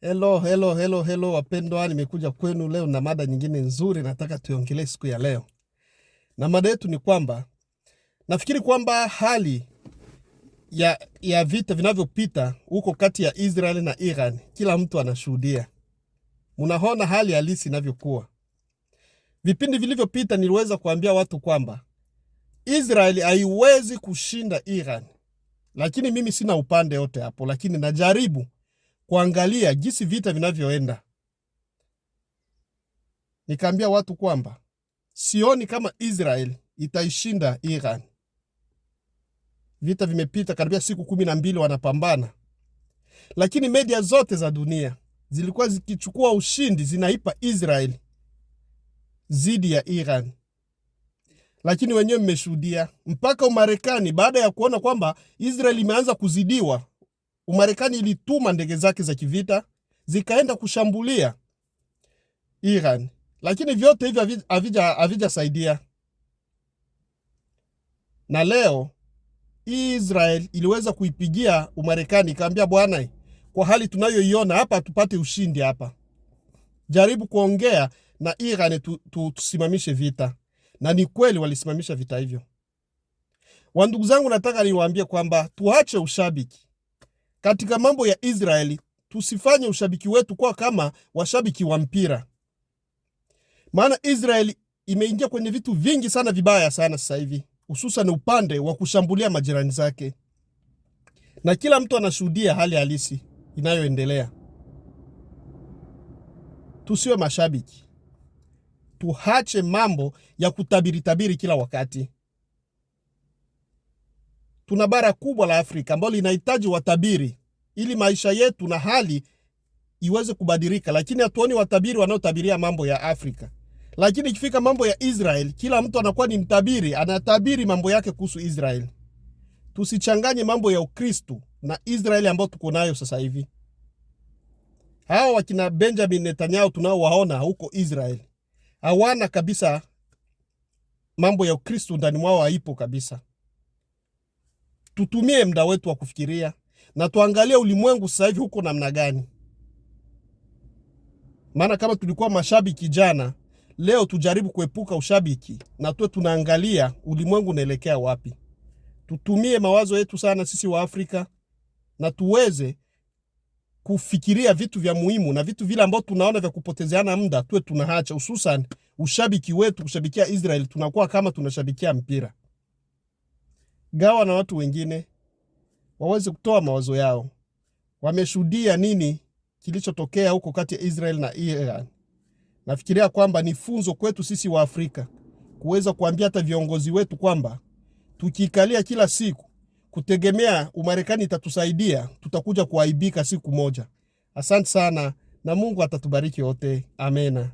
Hello, hello, hello, hello wapendwa, nimekuja kwenu leo na mada nyingine nzuri nataka tuiongelee siku ya leo. Na mada yetu ni kwamba nafikiri kwamba hali ya, ya vita vinavyopita huko kati ya Israeli na Iran kila mtu anashuhudia. Munaona hali halisi inavyokuwa. Vipindi vilivyopita niliweza kuambia watu kwamba Israeli haiwezi kushinda Iran. Lakini mimi sina upande wote hapo, lakini najaribu kuangalia jinsi vita vinavyoenda. Nikaambia watu kwamba sioni kama Israel itaishinda Iran. Vita vimepita karibia siku kumi na mbili wanapambana, lakini media zote za dunia zilikuwa zikichukua ushindi zinaipa Israel zidi ya Iran, lakini wenyewe mmeshuhudia mpaka Umarekani baada ya kuona kwamba Israel imeanza kuzidiwa Umarekani ilituma ndege zake za kivita zikaenda kushambulia Iran, lakini vyote hivyo havijasaidia. Na leo Israel iliweza kuipigia Umarekani ikaambia, bwana, kwa hali tunayoiona hapa hatupate ushindi hapa, jaribu kuongea na Iran tu, tu, tusimamishe vita. Na ni kweli walisimamisha vita hivyo. Wandugu zangu, nataka niwaambie kwamba tuache ushabiki katika mambo ya Israeli tusifanye ushabiki wetu kuwa kama washabiki wa mpira, maana Israeli imeingia kwenye vitu vingi sana vibaya sana sasa hivi, hususan upande wa kushambulia majirani zake, na kila mtu anashuhudia hali halisi inayoendelea. Tusiwe mashabiki, tuhache mambo ya kutabiri tabiri kila wakati tuna bara kubwa la Afrika ambalo linahitaji watabiri ili maisha yetu na hali iweze kubadilika, lakini hatuoni watabiri wanaotabiria mambo ya Afrika. Lakini ikifika mambo ya Israel, kila mtu anakuwa ni mtabiri, anatabiri mambo yake kuhusu Israel. Tusichanganye mambo ya Ukristu na Israel ambayo tuko nayo sasa hivi. Hawa wakina Benjamin Netanyahu tunaowaona huko Israel hawana kabisa mambo ya Ukristu ndani mwao, haipo kabisa tutumie muda wetu wa kufikiria na tuangalie ulimwengu sasa hivi huko namna gani. Maana kama tulikuwa mashabiki jana, leo tujaribu kuepuka ushabiki na tuwe tunaangalia ulimwengu unaelekea wapi. Tutumie mawazo yetu sana sisi wa Afrika na tuweze kufikiria vitu vya muhimu na vitu vile ambao tunaona vya kupotezeana muda tuwe tunaacha, hususan ushabiki wetu kushabikia Israel, tunakuwa kama tunashabikia mpira gawa na watu wengine waweze kutoa mawazo yao, wameshuhudia nini kilichotokea huko kati ya Israel na Iran. Nafikiria kwamba ni funzo kwetu sisi wa Afrika kuweza kuambia hata viongozi wetu kwamba tukiikalia kila siku kutegemea Umarekani itatusaidia, tutakuja kuaibika siku moja. Asante sana na Mungu atatubariki wote, amena.